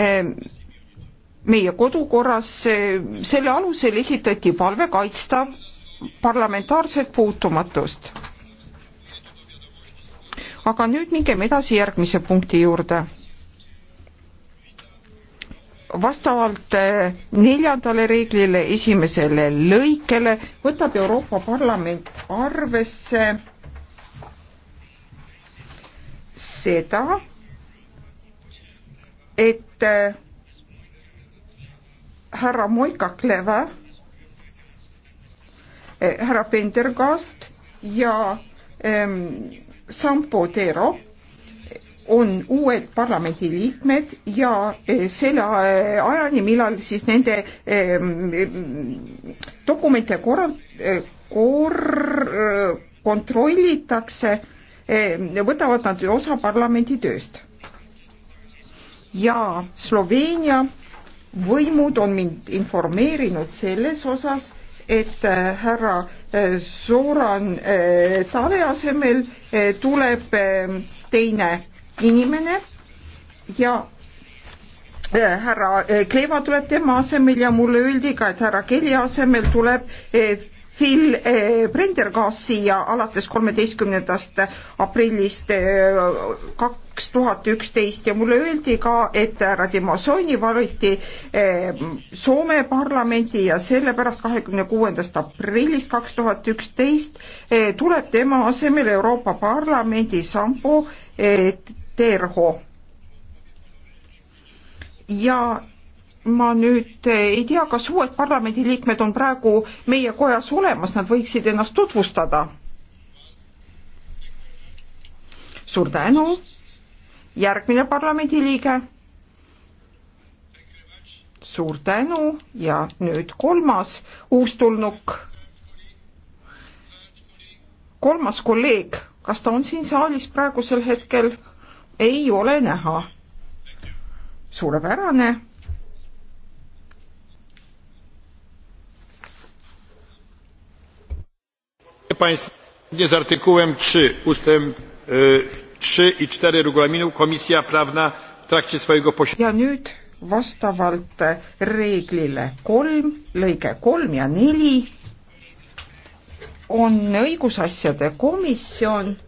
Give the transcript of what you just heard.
Ehm, meie kodukorras, ehm, selle alusel esitati palve kaitsta parlamentaarset puutumatust. aga nüüd mingem edasi järgmise punkti juurde. vastavalt ehm, neljandale reeglile, esimesele lõikele võtab Euroopa Parlament arvesse seda, et äh, härra Moika Kleve, äh, härra Pendergast ja ähm, Sampo Tero on uued parlamendiliikmed ja äh, selle ajani, millal siis nende ähm, dokumente korral- äh,, kor-, kontrollitakse, võtavad nad osa parlamendi tööst ja Sloveenia võimud on mind informeerinud selles osas, et äh, härra äh, Zoran äh, Tave asemel tuleb ähm, teine inimene ja härra Kleeva tuleb tema asemel ja mulle öeldi ka, et härra Kelly asemel tuleb Phil Prendergast eh, siia alates kolmeteistkümnendast aprillist eh, kaks tuhat üksteist ja mulle öeldi ka, et härra Timošoni valiti eh, Soome parlamendi ja sellepärast kahekümne kuuendast aprillist kaks tuhat üksteist tuleb tema asemele Euroopa Parlamendi Sampo Terho ja ma nüüd ei tea, kas uued parlamendiliikmed on praegu meie kojas olemas, nad võiksid ennast tutvustada. suur tänu. järgmine parlamendiliige. suur tänu ja nüüd kolmas uustulnuk. kolmas kolleeg, kas ta on siin saalis praegusel hetkel? ei ole näha. suurepärane państwa zgodnie z artykułem trzy ustęp trzy i cztery regulaminu komisja prawna w trakcie swojego posiedzenia vastavalt reeglile kolm lõige kolm ja neli on õigusasjade komisjon